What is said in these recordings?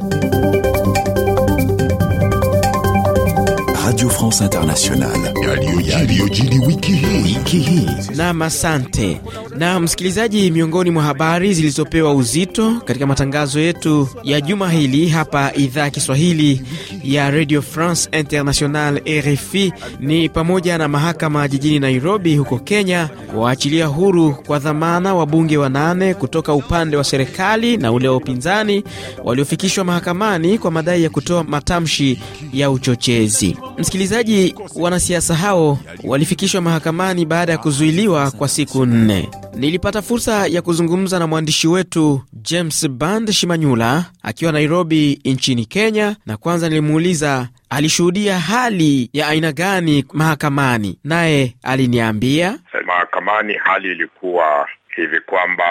Thank you. Conférence Internationale Nam, asante. Na msikilizaji, miongoni mwa habari zilizopewa uzito katika matangazo yetu ya juma hili hapa idhaa ya Kiswahili ya Radio France International RFI ni pamoja na mahakama jijini Nairobi huko Kenya waachilia huru kwa dhamana wabunge wanane kutoka upande wa serikali na ule wa upinzani waliofikishwa mahakamani kwa madai ya kutoa matamshi ya uchochezi. Msikilizaji Msikilizaji, wanasiasa hao walifikishwa mahakamani baada ya kuzuiliwa kwa siku nne. Nilipata fursa ya kuzungumza na mwandishi wetu James Band Shimanyula akiwa Nairobi nchini Kenya, na kwanza nilimuuliza alishuhudia hali ya aina gani mahakamani, naye aliniambia eh, mahakamani hali ilikuwa hivi kwamba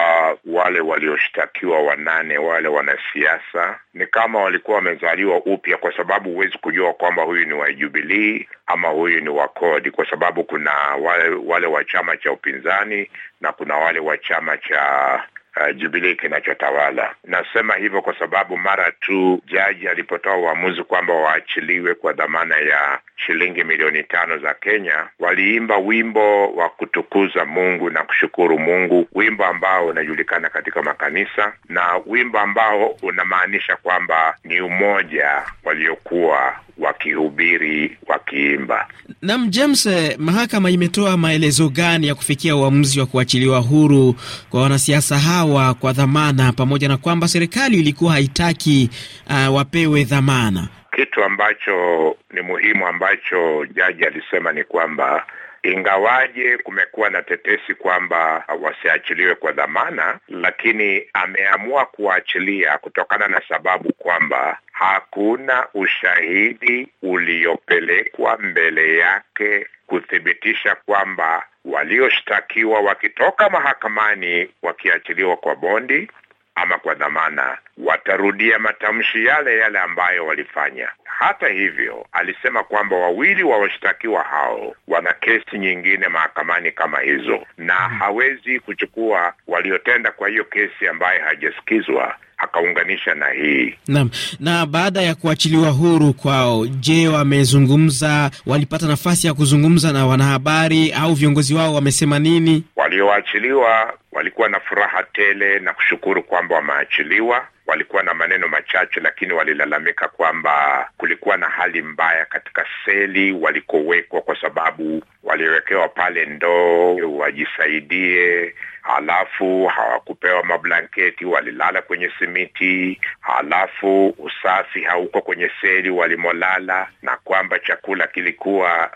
wale walioshtakiwa wanane wale wanasiasa ni kama walikuwa wamezaliwa upya, kwa sababu huwezi kujua kwamba huyu ni wajubilii ama huyu ni wakodi kwa sababu kuna wale wale wa chama cha upinzani na kuna wale wa chama cha uh, Jubilee kinachotawala. Nasema hivyo kwa sababu mara tu jaji alipotoa uamuzi kwamba waachiliwe kwa dhamana ya shilingi milioni tano za Kenya, waliimba wimbo wa kutukuza Mungu na kushukuru Mungu, wimbo ambao unajulikana katika makanisa na wimbo ambao unamaanisha kwamba ni umoja waliokuwa wakihubiri wakiimba. Naam, James, eh, mahakama imetoa maelezo gani ya kufikia uamuzi wa kuachiliwa huru kwa wanasiasa hawa kwa dhamana, pamoja na kwamba serikali ilikuwa haitaki uh, wapewe dhamana? Kitu ambacho ni muhimu ambacho jaji alisema ni kwamba ingawaje kumekuwa na tetesi kwamba wasiachiliwe kwa dhamana, lakini ameamua kuwaachilia kutokana na sababu kwamba hakuna ushahidi uliopelekwa mbele yake kuthibitisha kwamba walioshtakiwa wakitoka mahakamani wakiachiliwa kwa bondi ama kwa dhamana, watarudia matamshi yale yale ambayo walifanya. Hata hivyo, alisema kwamba wawili wa washtakiwa hao wana kesi nyingine mahakamani kama hizo, na hmm. hawezi kuchukua waliotenda kwa hiyo kesi ambayo hajasikizwa akaunganisha na hii naam. Na baada ya kuachiliwa huru kwao, je, wamezungumza? Walipata nafasi ya kuzungumza na wanahabari au viongozi wao wamesema nini? Walioachiliwa walikuwa na furaha tele na kushukuru kwamba wameachiliwa. Walikuwa na maneno machache, lakini walilalamika kwamba kulikuwa na hali mbaya katika seli walikowekwa, kwa sababu waliwekewa pale ndoo wajisaidie, halafu hawakupewa mablanketi, walilala kwenye simiti, halafu usafi hauko kwenye seli walimolala, na kwamba chakula kilikuwa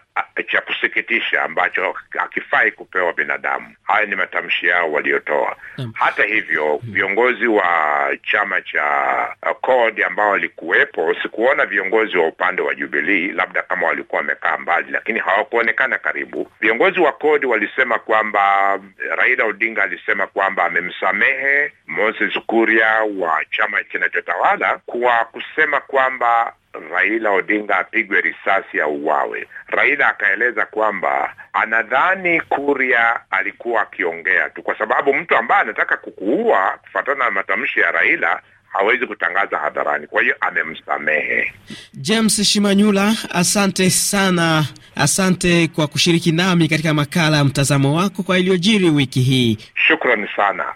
cha kusikitisha ambacho hakifai kupewa binadamu. Haya ni matamshi yao waliotoa. Hata hivyo, viongozi wa chama cha uh, CORD ambao walikuwepo, sikuona viongozi wa upande wa Jubilii, labda kama walikuwa wamekaa mbali, lakini hawakuonekana karibu karibu. Viongozi wa kodi walisema kwamba Raila Odinga alisema kwamba amemsamehe Moses Kuria wa chama kinachotawala kwa kusema kwamba Raila Odinga apigwe risasi uwawe. Raila akaeleza kwamba anadhani Kuria alikuwa akiongea tu, kwa sababu mtu ambaye anataka kukuua kufuatana na matamshi ya Raila hawezi kutangaza hadharani, kwa hiyo amemsamehe. James Shimanyula, asante sana, asante kwa kushiriki nami katika makala ya mtazamo wako kwa iliyojiri wiki hii. Shukrani sana.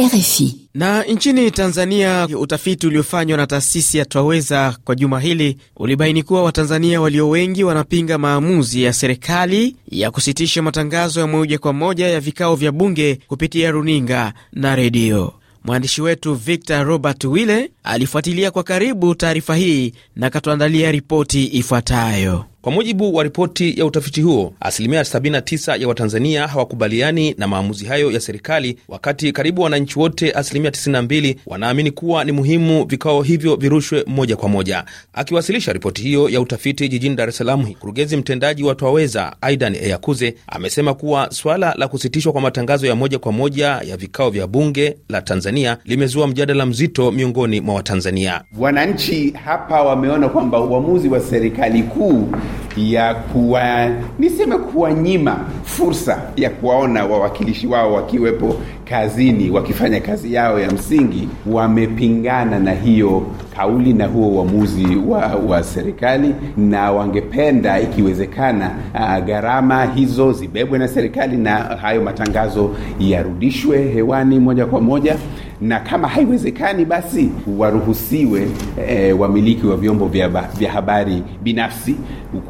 RFI. Na nchini Tanzania, utafiti uliofanywa na taasisi ya Twaweza kwa juma hili ulibaini kuwa Watanzania walio wengi wanapinga maamuzi ya serikali ya kusitisha matangazo ya moja kwa moja ya vikao vya bunge kupitia runinga na redio. Mwandishi wetu Victor Robert Wille alifuatilia kwa karibu taarifa hii na akatuandalia ripoti ifuatayo. Kwa mujibu wa ripoti ya utafiti huo, asilimia 79 ya Watanzania hawakubaliani na maamuzi hayo ya serikali, wakati karibu wananchi wote asilimia 92 wanaamini kuwa ni muhimu vikao hivyo virushwe moja kwa moja. Akiwasilisha ripoti hiyo ya utafiti jijini Dar es Salaam, mkurugenzi mtendaji wa Twaweza Aidan Eyakuze amesema kuwa swala la kusitishwa kwa matangazo ya moja kwa moja ya vikao vya Bunge la Tanzania limezua mjadala mzito miongoni mwa Watanzania. Wananchi hapa wameona kwamba uamuzi wa serikali kuu ya kuwa niseme kuwanyima fursa ya kuwaona wawakilishi wao wakiwepo kazini wakifanya kazi yao ya msingi wamepingana na hiyo kauli na huo uamuzi wa, wa serikali, na wangependa ikiwezekana, uh, gharama hizo zibebwe na serikali na hayo matangazo yarudishwe hewani moja kwa moja, na kama haiwezekani, basi waruhusiwe e, wamiliki wa vyombo vya, vya habari binafsi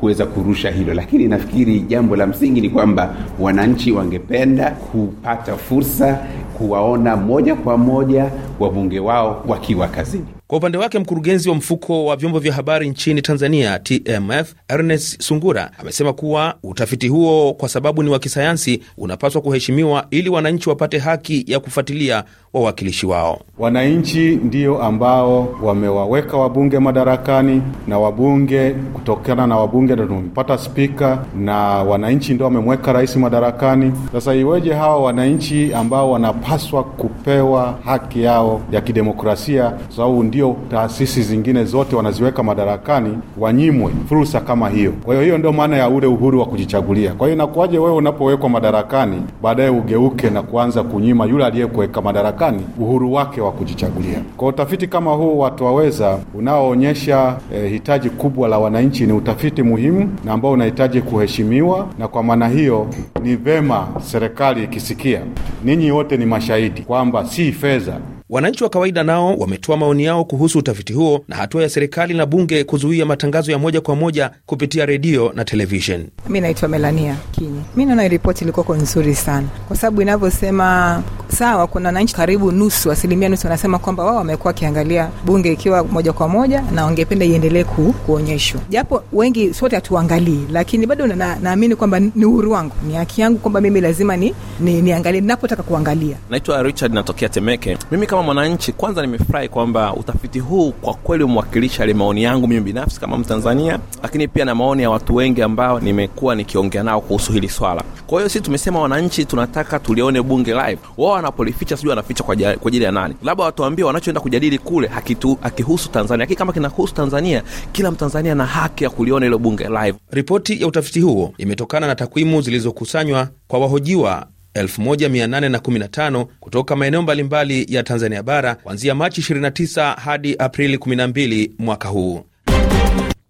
kuweza kurusha hilo. Lakini nafikiri jambo la msingi ni kwamba wananchi wangependa kupata fursa kuwaona moja kwa moja wabunge wao wakiwa kazini. Kwa upande wake mkurugenzi wa mfuko wa vyombo vya habari nchini Tanzania TMF Ernest Sungura amesema kuwa utafiti huo, kwa sababu ni wa kisayansi, unapaswa kuheshimiwa ili wananchi wapate haki ya kufuatilia wawakilishi wao. Wananchi ndio ambao wamewaweka wabunge madarakani na wabunge kutokana na wabunge ndo tumepata spika na wananchi ndio wamemweka rais madarakani. Sasa iweje hawa wananchi ambao wanapaswa kupewa haki yao ya kidemokrasia, sababu ndio hivyo taasisi zingine zote wanaziweka madarakani wanyimwe fursa kama hiyo. Kwa hiyo hiyo ndio maana ya ule uhuru wa kujichagulia. Kwa hiyo inakuwaje wewe unapowekwa madarakani baadaye ugeuke na kuanza kunyima yule aliyekuweka madarakani uhuru wake wa kujichagulia? Kwa utafiti kama huu watu waweza unaoonyesha eh, hitaji kubwa la wananchi, ni utafiti muhimu na ambao unahitaji kuheshimiwa, na kwa maana hiyo ni vema serikali ikisikia, ninyi wote ni mashahidi kwamba si fedha Wananchi wa kawaida nao wametoa maoni yao kuhusu utafiti huo na hatua ya serikali na bunge kuzuia matangazo ya moja kwa moja kupitia redio na televishen. Mi naitwa Melania Kinyi. Mi naona ripoti ilikuwako nzuri sana, kwa sababu inavyosema sawa, kuna wananchi karibu nusu, asilimia nusu wanasema kwamba wao wamekuwa wakiangalia bunge ikiwa moja kwa moja na wangependa iendelee ku, kuonyeshwa, japo wengi sote hatuangalii, lakini bado naamini na kwamba ni uhuru wangu, ni haki yangu kwamba mimi lazima ni, ni, niangalie ninapotaka kuangalia. Naitwa Richard, natokea Temeke. Mimi kama kama mwananchi, kwanza nimefurahi kwamba utafiti huu kwa kweli umewakilisha ile maoni yangu mimi binafsi kama Mtanzania, lakini pia na maoni ya watu wengi ambao nimekuwa nikiongea nao kuhusu hili swala. Kwa hiyo sisi tumesema wananchi tunataka tulione bunge live. Wao wanapolificha, sijui wanaficha kwa ajili ya nani? Labda watuambie wanachoenda kujadili kule hakitu, hakihusu Tanzania, lakini kama kinahusu Tanzania, kila Mtanzania na haki ya kuliona ilo bunge live. Ripoti ya utafiti huo imetokana na takwimu zilizokusanywa kwa wahojiwa 1815 kutoka maeneo mbalimbali ya Tanzania bara kuanzia Machi 29 hadi Aprili 12 mwaka huu.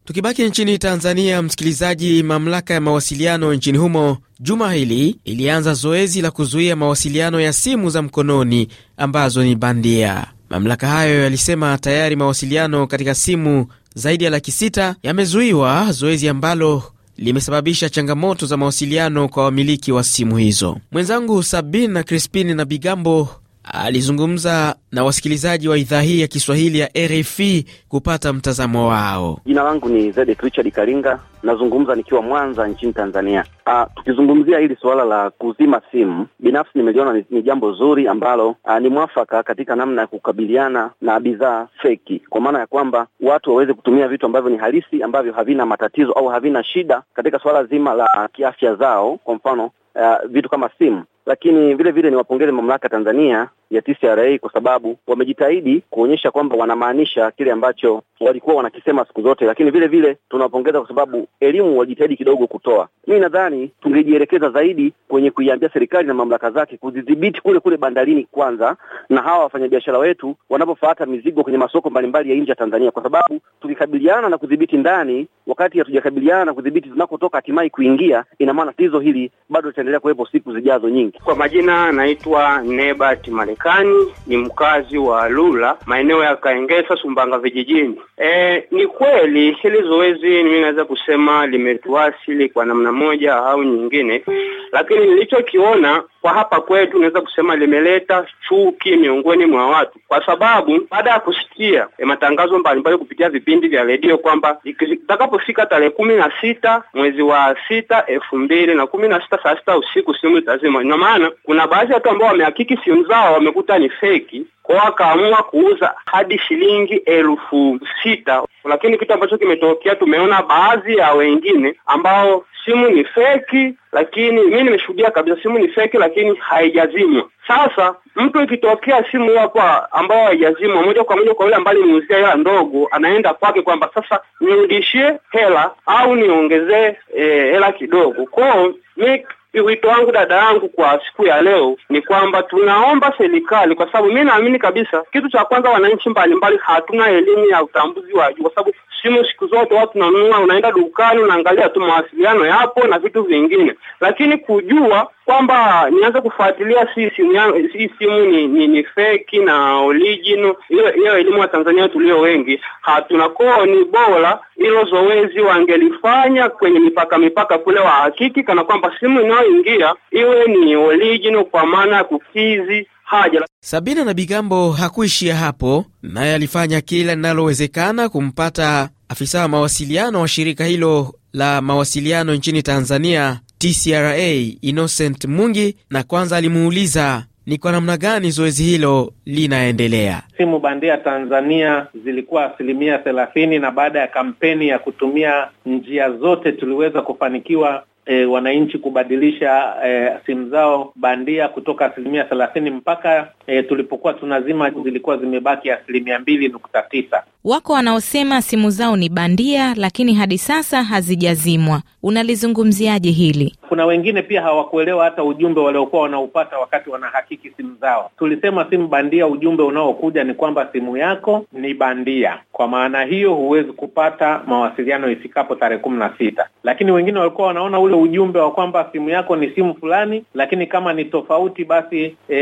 Tukibaki nchini Tanzania, msikilizaji, mamlaka ya mawasiliano nchini humo juma hili ilianza zoezi la kuzuia mawasiliano ya simu za mkononi ambazo ni bandia. Mamlaka hayo yalisema tayari mawasiliano katika simu zaidi ya laki sita yamezuiwa, zoezi ambalo limesababisha changamoto za mawasiliano kwa wamiliki wa simu hizo. Mwenzangu Sabina Crispin na Bigambo alizungumza na wasikilizaji wa idhaa hii ya Kiswahili ya RFI kupata mtazamo wao. Jina langu ni Zedek Richard Karinga, nazungumza nikiwa Mwanza nchini Tanzania. A, ah, tukizungumzia hili suala la kuzima simu, binafsi nimeliona ni, ni jambo zuri ambalo a, ah, ni mwafaka katika namna ya kukabiliana na bidhaa feki, kwa maana ya kwamba watu waweze kutumia vitu ambavyo ni halisi, ambavyo havina matatizo au havina shida katika suala zima la kiafya zao, kwa mfano Uh, vitu kama simu lakini vile vile niwapongeze mamlaka Tanzania ya TCRA kwa sababu wamejitahidi kuonyesha kwamba wanamaanisha kile ambacho walikuwa wanakisema siku zote, lakini vile vile tunawapongeza kwa sababu elimu walijitahidi kidogo kutoa. Mi nadhani tungejielekeza zaidi kwenye kuiambia serikali na mamlaka zake kuzidhibiti kule kule bandarini kwanza, na hawa wafanyabiashara wetu wanapofuata mizigo kwenye masoko mbalimbali ya nje ya Tanzania, kwa sababu tukikabiliana na kudhibiti ndani wakati hatujakabiliana na kudhibiti zinakotoka hatimaye kuingia, ina maana tatizo hili bado litaendelea kuwepo siku zijazo nyingi. Kwa majina naitwa Nebat Marekani, ni mkazi wa Lula, maeneo ya Kaengesa, Sumbanga vijijini. E, ni kweli hili zoezi mimi naweza kusema limetuasili kwa namna moja au nyingine, lakini nilichokiona kwa hapa kwetu naweza kusema limeleta chuki miongoni mwa watu, kwa sababu baada ya kusikia e, matangazo mbalimbali kupitia vipindi vya redio kwamba itakapofika tarehe kumi na sita mwezi wa sita elfu mbili na kumi na sita saa sita usiku simu itazima. Ina maana kuna baadhi ya watu ambao wamehakiki simu zao wamekuta ni feki kwao, akaamua kuuza hadi shilingi elfu sita. Lakini kitu ambacho kimetokea, tumeona baadhi ya wengine ambao simu ni feki, lakini mimi nimeshuhudia kabisa simu ni feki, lakini haijazimwa. Sasa mtu ikitokea simu hapa ambao haijazimwa, moja kwa moja kwa yule ambaye limeuzia hela ndogo, anaenda kwake kwamba sasa nirudishie hela au niongezee eh, hela kidogo kwao mi Wito wangu dada yangu kwa siku ya leo ni kwamba tunaomba serikali, kwa sababu mimi naamini kabisa, kitu cha kwanza, wananchi mbalimbali hatuna elimu ya utambuzi wa juu, kwa sababu simu siku zote watu tunanunua, unaenda dukani unaangalia tu mawasiliano yapo na vitu vingine, lakini kujua kwamba nianze kufuatilia si simu yangu si simu ni, ni, ni feki na original, hiyo elimu ya Tanzania tulio wengi hatuna. Kwa ni bora hilo zoezi wangelifanya kwenye mipaka mipaka kule, wahakiki kana kwamba simu ina wanaoingia iwe ni original kwa maana ya kukizi haja. Sabina na Bigambo hakuishia hapo, naye alifanya kila linalowezekana kumpata afisa wa mawasiliano wa shirika hilo la mawasiliano nchini Tanzania TCRA Innocent Mungi, na kwanza alimuuliza ni kwa namna gani zoezi hilo linaendelea. Simu bandia Tanzania zilikuwa asilimia thelathini, na baada ya kampeni ya kutumia njia zote tuliweza kufanikiwa e, wananchi kubadilisha e, simu zao bandia kutoka asilimia thelathini mpaka e, tulipokuwa tunazima zilikuwa zimebaki asilimia mbili nukta tisa. Wako wanaosema simu zao ni bandia, lakini hadi sasa hazijazimwa. Unalizungumziaje hili? kuna wengine pia hawakuelewa hata ujumbe waliokuwa wanaupata wakati wanahakiki simu zao. Tulisema simu bandia, ujumbe unaokuja ni kwamba simu yako ni bandia. Kwa maana hiyo, huwezi kupata mawasiliano ifikapo tarehe kumi na sita. Lakini wengine walikuwa wanaona ule ujumbe wa kwamba simu yako ni simu fulani, lakini kama ni tofauti basi e,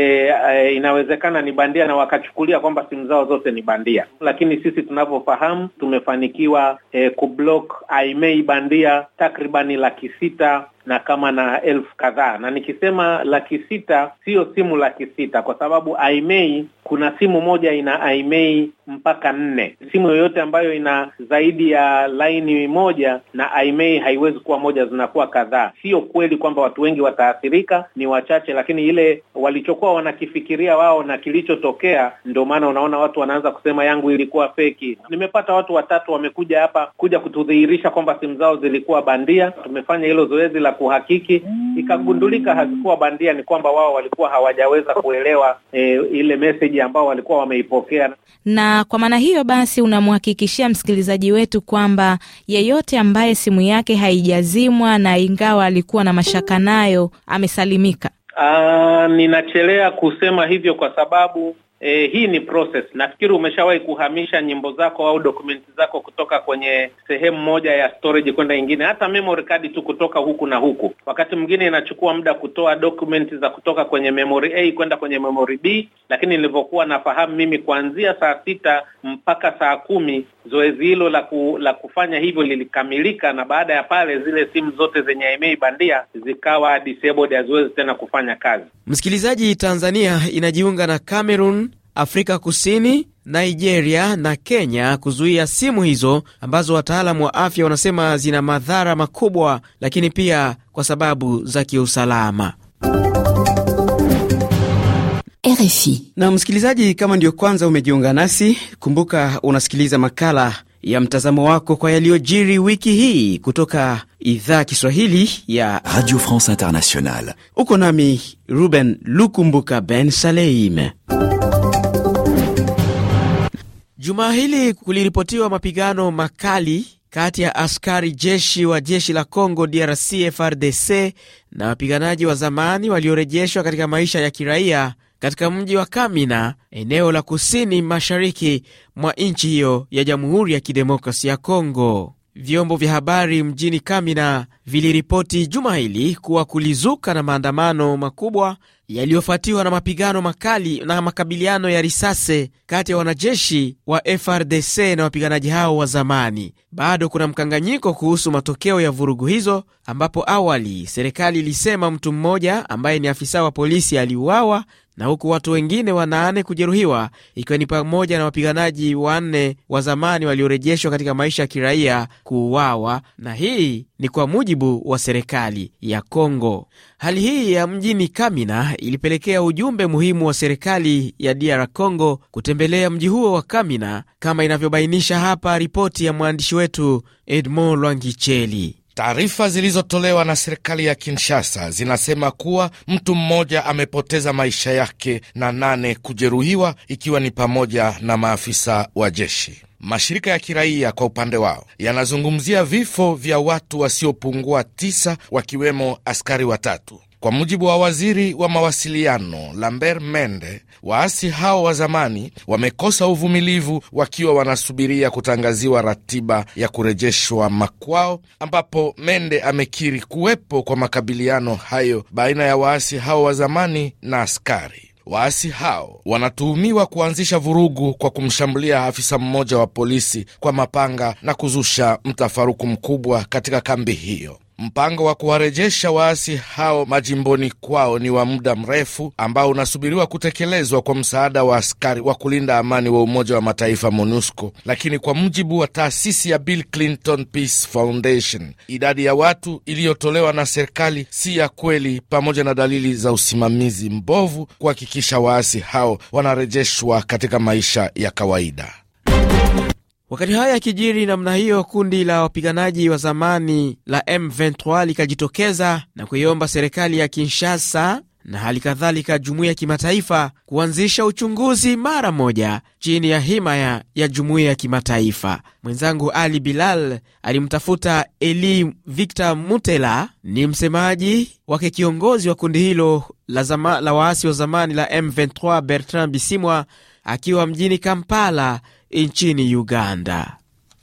e, inawezekana ni bandia, na wakachukulia kwamba simu zao zote ni bandia. Lakini sisi tunavyofahamu tumefanikiwa e, kublock bandia takribani laki sita na kama na elfu kadhaa, na nikisema laki sita siyo simu laki sita, kwa sababu IMEI kuna simu moja ina IMEI mpaka nne. Simu yoyote ambayo ina zaidi ya laini moja na aimei haiwezi kuwa moja, zinakuwa kadhaa. Sio kweli kwamba watu wengi wataathirika, ni wachache, lakini ile walichokuwa wanakifikiria wao na kilichotokea, ndio maana unaona watu wanaanza kusema yangu ilikuwa feki. Nimepata watu watatu wamekuja hapa kuja kutudhihirisha kwamba simu zao zilikuwa bandia. Tumefanya hilo zoezi la kuhakiki, ikagundulika hazikuwa bandia, ni kwamba wao walikuwa hawajaweza kuelewa e, ile meseji ambao walikuwa wameipokea na kwa maana hiyo basi unamhakikishia msikilizaji wetu kwamba yeyote ambaye simu yake haijazimwa na ingawa alikuwa na mashaka nayo amesalimika. Aa, ah, ninachelea kusema hivyo kwa sababu e, hii ni process. Nafikiri umeshawahi kuhamisha nyimbo zako au dokumenti zako kutoka kwenye sehemu moja ya storage kwenda nyingine, hata memory card tu kutoka huku na huku. Wakati mwingine inachukua muda kutoa dokumenti za kutoka kwenye memory A kwenda kwenye memory B, lakini nilivyokuwa nafahamu mimi, kuanzia saa sita mpaka saa kumi zoezi hilo la, ku, la kufanya hivyo lilikamilika, na baada ya pale zile simu zote zenye IMEI bandia zikawa disabled, haziwezi tena kufanya kazi. Msikilizaji, Tanzania inajiunga na Cameroon Afrika Kusini, Nigeria na Kenya kuzuia simu hizo ambazo wataalamu wa afya wanasema zina madhara makubwa, lakini pia kwa sababu za kiusalama. RFI. Na msikilizaji, kama ndiyo kwanza umejiunga nasi, kumbuka unasikiliza makala ya mtazamo wako kwa yaliyojiri wiki hii kutoka idhaa Kiswahili ya Radio France Internationale. Uko nami Ruben Lukumbuka Ben Saleim. Jumaa hili kuliripotiwa mapigano makali kati ya askari jeshi wa jeshi la Congo DRC frdc na wapiganaji wa zamani waliorejeshwa katika maisha ya kiraia katika mji wa Kamina, eneo la kusini mashariki mwa nchi hiyo ya Jamhuri ya Kidemokrasi ya congo Vyombo vya habari mjini Kamina viliripoti juma hili kuwa kulizuka na maandamano makubwa yaliyofuatiwa na mapigano makali na makabiliano ya risasi kati ya wanajeshi wa FRDC na wapiganaji hao wa zamani. Bado kuna mkanganyiko kuhusu matokeo ya vurugu hizo, ambapo awali serikali ilisema mtu mmoja ambaye ni afisa wa polisi aliuawa na huku watu wengine wanane kujeruhiwa ikiwa ni pamoja na wapiganaji wanne wa zamani waliorejeshwa katika maisha ya kiraia kuuawa, na hii ni kwa mujibu wa serikali ya Kongo. Hali hii ya mjini Kamina ilipelekea ujumbe muhimu wa serikali ya DR Congo kutembelea mji huo wa Kamina, kama inavyobainisha hapa ripoti ya mwandishi wetu Edmond Lwangicheli. Taarifa zilizotolewa na serikali ya Kinshasa zinasema kuwa mtu mmoja amepoteza maisha yake na nane kujeruhiwa ikiwa ni pamoja na maafisa wa jeshi. Mashirika ya kiraia kwa upande wao yanazungumzia vifo vya watu wasiopungua tisa wakiwemo askari watatu. Kwa mujibu wa waziri wa mawasiliano Lambert Mende, waasi hao wa zamani wamekosa uvumilivu wakiwa wanasubiria kutangaziwa ratiba ya kurejeshwa makwao, ambapo Mende amekiri kuwepo kwa makabiliano hayo baina ya waasi hao wa zamani na askari. Waasi hao wanatuhumiwa kuanzisha vurugu kwa kumshambulia afisa mmoja wa polisi kwa mapanga na kuzusha mtafaruku mkubwa katika kambi hiyo. Mpango wa kuwarejesha waasi hao majimboni kwao ni wa muda mrefu ambao unasubiriwa kutekelezwa kwa msaada wa askari wa kulinda amani wa Umoja wa Mataifa MONUSCO. Lakini kwa mujibu wa taasisi ya Bill Clinton Peace Foundation, idadi ya watu iliyotolewa na serikali si ya kweli, pamoja na dalili za usimamizi mbovu kuhakikisha waasi hao wanarejeshwa katika maisha ya kawaida. Wakati haya yakijiri namna hiyo, kundi la wapiganaji wa zamani la M23 likajitokeza na kuiomba serikali ya Kinshasa na hali kadhalika jumuiya ya kimataifa kuanzisha uchunguzi mara moja chini ya himaya ya jumuiya ya kimataifa. Mwenzangu Ali Bilal alimtafuta Eli Victor Mutela, ni msemaji wake kiongozi wa kundi hilo la, la waasi wa zamani la M23 Bertrand Bisimwa, akiwa mjini Kampala nchini Uganda.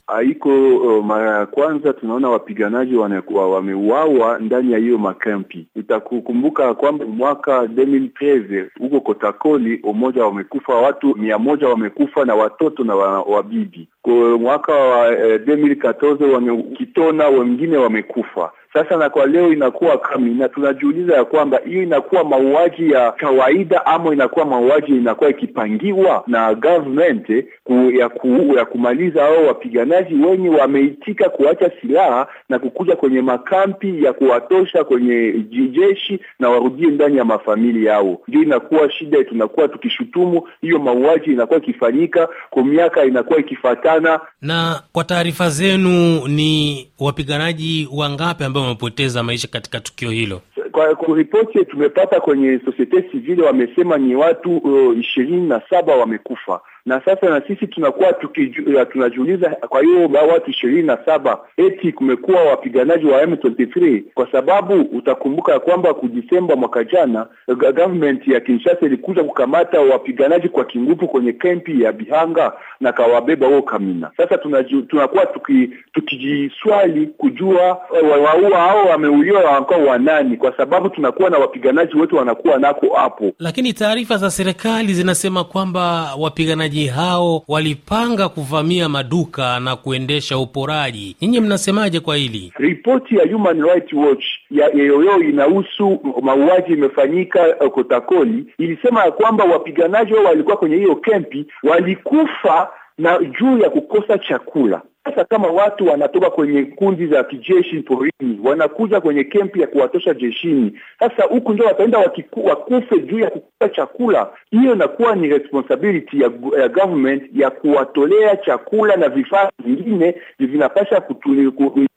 Haiko uh, mara ya kwanza tunaona wapiganaji wanakuwa wameuawa ndani ya hiyo makampi. Itakukumbuka kwamba mwaka 2013 huko Kotakoli umoja wamekufa watu mia moja wamekufa na watoto na wabibi wa mwaka wa eh, 2014 wamekitona wengine wamekufa sasa, na kwa leo inakuwa kami, na tunajiuliza ya kwamba hiyo inakuwa mauaji ya kawaida ama inakuwa mauaji inakuwa ikipangiwa na government eh, ku, ya, ku, ya kumaliza hao wapiganaji wenye wameitika kuacha silaha na kukuja kwenye makampi ya kuwatosha kwenye jeshi na warudie ndani ya mafamili yao. Ndio inakuwa shida, tunakuwa tukishutumu hiyo mauaji inakuwa ikifanyika kwa miaka inakuwa ikifatana. Na kwa taarifa zenu, ni wapiganaji wangapi ambao wamepoteza maisha katika tukio hilo? Kwa kuripoti tumepata kwenye societe civile wamesema ni watu uh, ishirini uh, na saba wamekufa na sasa na sisi tunakuwa tukiju, eh, tunajiuliza kwa hiyo watu ishirini na saba eti kumekuwa wapiganaji wa M23 kwa sababu utakumbuka ya kwamba kudisemba mwaka jana government ya Kinshasa ilikuja kukamata wapiganaji kwa kinguvu kwenye kempi ya Bihanga na kawabeba huo Kamina. Sasa tunaju, tunakuwa tuki, tukijiswali kujua eh, waua hao wameuliwa wanakuwa wanani, kwa sababu tunakuwa na wapiganaji wetu wanakuwa nako hapo, lakini taarifa za serikali zinasema kwamba wapiganaji Wapiganaji hao walipanga kuvamia maduka na kuendesha uporaji. Nyinyi mnasemaje kwa hili? Ripoti ya Human Rights Watch ya yeyoyo inahusu mauaji imefanyika uh, Kotakoli, ilisema ya kwamba wapiganaji hao walikuwa kwenye hiyo kempi walikufa na juu ya kukosa chakula. Sasa kama watu wanatoka kwenye kundi za kijeshi porini, wanakuja kwenye kempi ya kuwatosha jeshini, sasa huku ndio wataenda wakufe juu ya kukula chakula. Hiyo inakuwa ni responsibility ya, ya government ya kuwatolea chakula na vifaa vingine vinapasha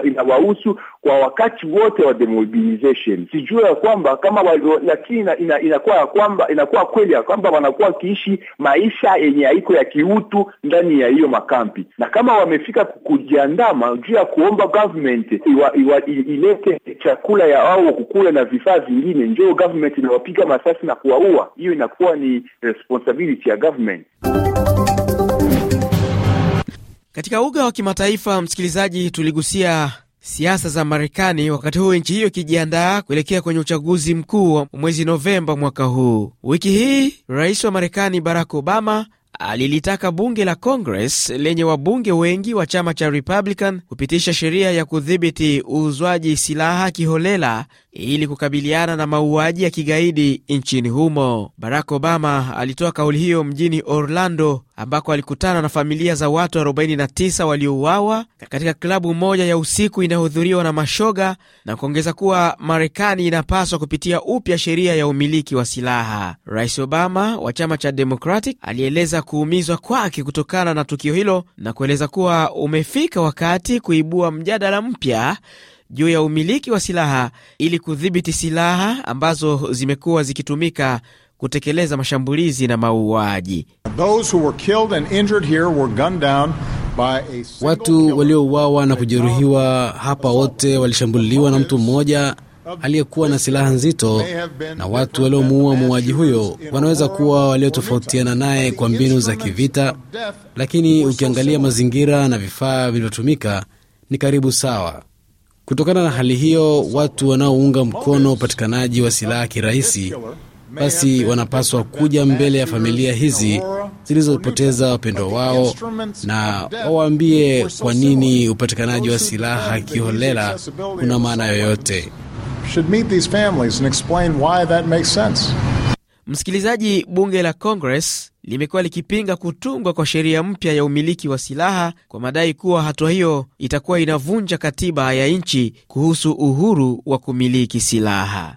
inawahusu kwa wakati wote wa demobilization. Sijua ya kwamba kama walio, lakini ina, inakuwa ya kwamba inakuwa kweli ya kwamba wanakuwa wakiishi maisha yenye haiko ya kiutu ndani ya hiyo makampi, na kama wamefika kujiandama juu ya kuomba government iwa, iwa, ilete chakula ya wao kukula na vifaa vingine, njoo government inawapiga masasi na kuwaua. Hiyo inakuwa ni responsibility ya government. Katika uga wa kimataifa, msikilizaji, tuligusia siasa za Marekani wakati huu nchi hiyo ikijiandaa kuelekea kwenye uchaguzi mkuu wa mwezi Novemba mwaka huu. Wiki hii rais wa Marekani Barack Obama alilitaka bunge la Congress lenye wabunge wengi wa chama cha Republican kupitisha sheria ya kudhibiti uuzwaji silaha kiholela ili kukabiliana na mauaji ya kigaidi nchini humo. Barack Obama alitoa kauli hiyo mjini Orlando ambako alikutana na familia za watu 49 waliouawa katika klabu moja ya usiku inayohudhuriwa na mashoga na kuongeza kuwa Marekani inapaswa kupitia upya sheria ya umiliki wa silaha. Rais Obama wa chama cha Democratic alieleza kuumizwa kwake kutokana na tukio hilo na kueleza kuwa umefika wakati kuibua mjadala mpya juu ya umiliki wa silaha ili kudhibiti silaha ambazo zimekuwa zikitumika kutekeleza mashambulizi na mauaji. Watu waliouawa na kujeruhiwa hapa wote walishambuliwa na mtu mmoja aliyekuwa na silaha nzito, na watu waliomuua muuaji huyo wanaweza kuwa waliotofautiana naye kwa mbinu za kivita, lakini ukiangalia mazingira na vifaa vilivyotumika ni karibu sawa. Kutokana na hali hiyo, watu wanaounga mkono upatikanaji wa silaha kirahisi basi wanapaswa kuja mbele ya familia hizi zilizopoteza wapendwa wao na wawaambie kwa nini upatikanaji wa silaha kiholela kuna maana yoyote. Msikilizaji, bunge la Congress limekuwa likipinga kutungwa kwa sheria mpya ya umiliki wa silaha kwa madai kuwa hatua hiyo itakuwa inavunja katiba ya nchi kuhusu uhuru wa kumiliki silaha.